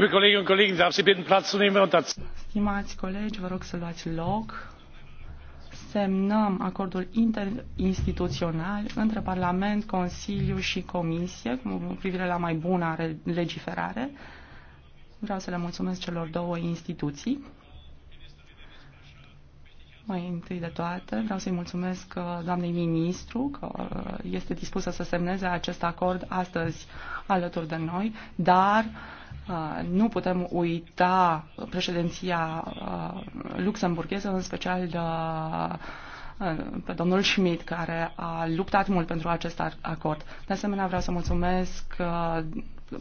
liebe kolleginnen und kollegen darf ich sie bitten platz zu nehmen und dazu. colegi vă să luați loc semnăm acordul interinstituțional între Parlament, Consiliu și Comisie cu privire la mai bună legiferare. Vreau să le mulțumesc celor două instituții. Mai întâi de toate, vreau să-i mulțumesc uh, doamnei ministru că uh, este dispusă să semneze acest acord astăzi alături de noi, dar Uh, nu putem uita președinția uh, luxemburgheză, în special uh, pe domnul Schmidt, care a luptat mult pentru acest acord. De asemenea, vreau să mulțumesc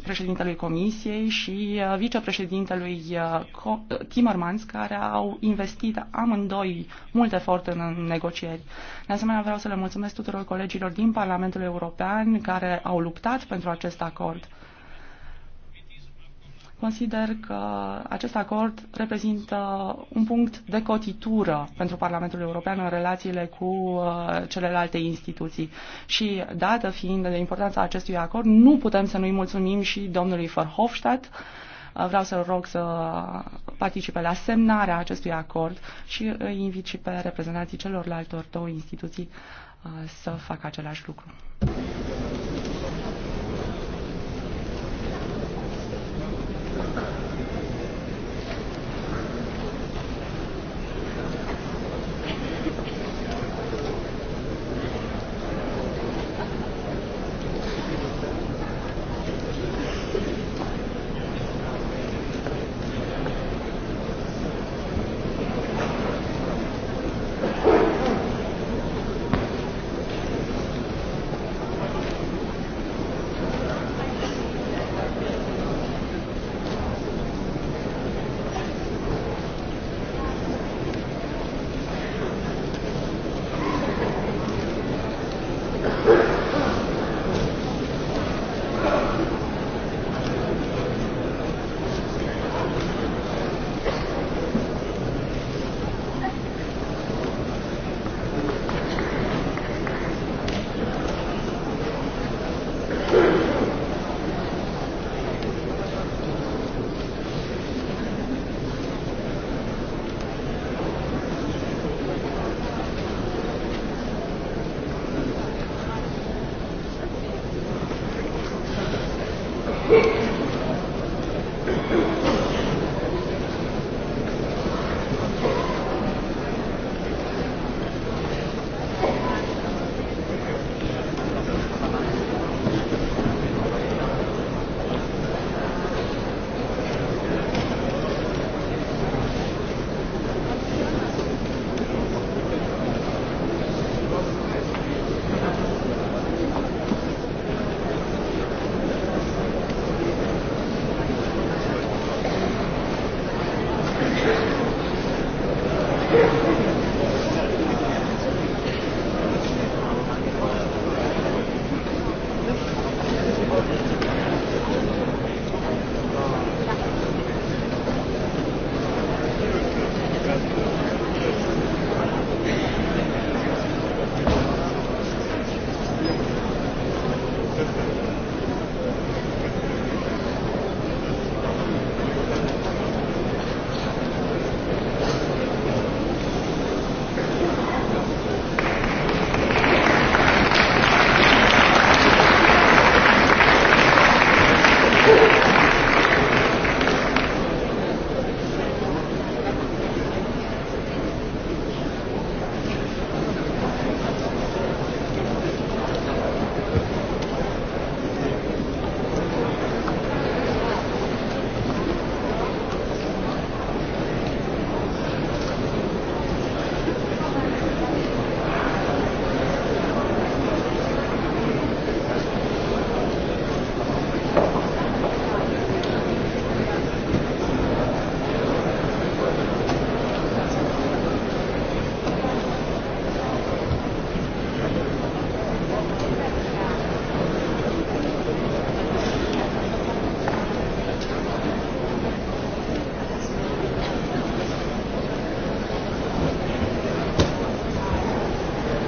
președintelui Comisiei și vicepreședintelui Timmermans, care au investit amândoi mult efort în negocieri. De asemenea, vreau să le mulțumesc tuturor colegilor din Parlamentul European care au luptat pentru acest acord. Consider că acest acord reprezintă un punct de cotitură pentru Parlamentul European în relațiile cu uh, celelalte instituții. Și dată fiind de importanța acestui acord, nu putem să nu-i mulțumim și domnului Verhofstadt, uh, vreau să-l rog să participe la semnarea acestui acord și îi invit și pe reprezentanții celorlalte două instituții uh, să facă același lucru.